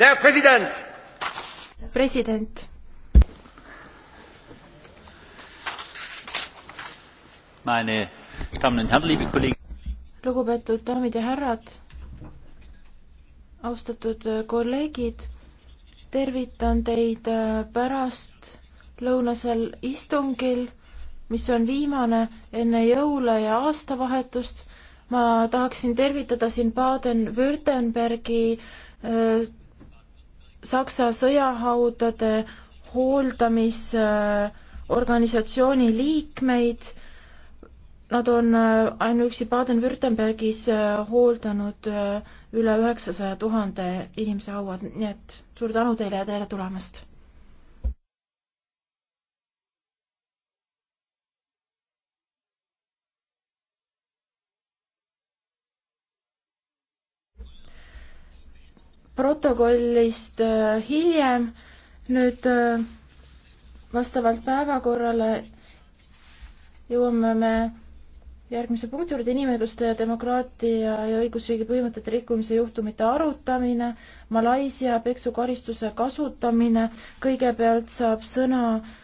Der Präsident! President. Meine Damen und Herren, liebe Kollegen. Lugupeetud daamid ja härrad, austatud kolleegid, tervitan teid pärast lõunasel istungil, mis on viimane enne jõule ja aastavahetust. ma tahaksin tervitada siin Baden-Württembergi äh, Saksa sõjahaudade hooldamisorganisatsiooni liikmeid. Nad on äh, ainuüksi Baden-Württembergis äh, hooldanud äh, üle üheksasaja tuhande inimese hauad, nii et suur tänu teile ja tere tulemast! protokollist äh, hiljem. nüüd äh, vastavalt päevakorrale jõuame me järgmise punkti juurde inimõiguste ja demokraatia ja õigusriigi põhimõtete rikkumise juhtumite arutamine, Malaisia peksukaristuse kasutamine. kõigepealt saab sõna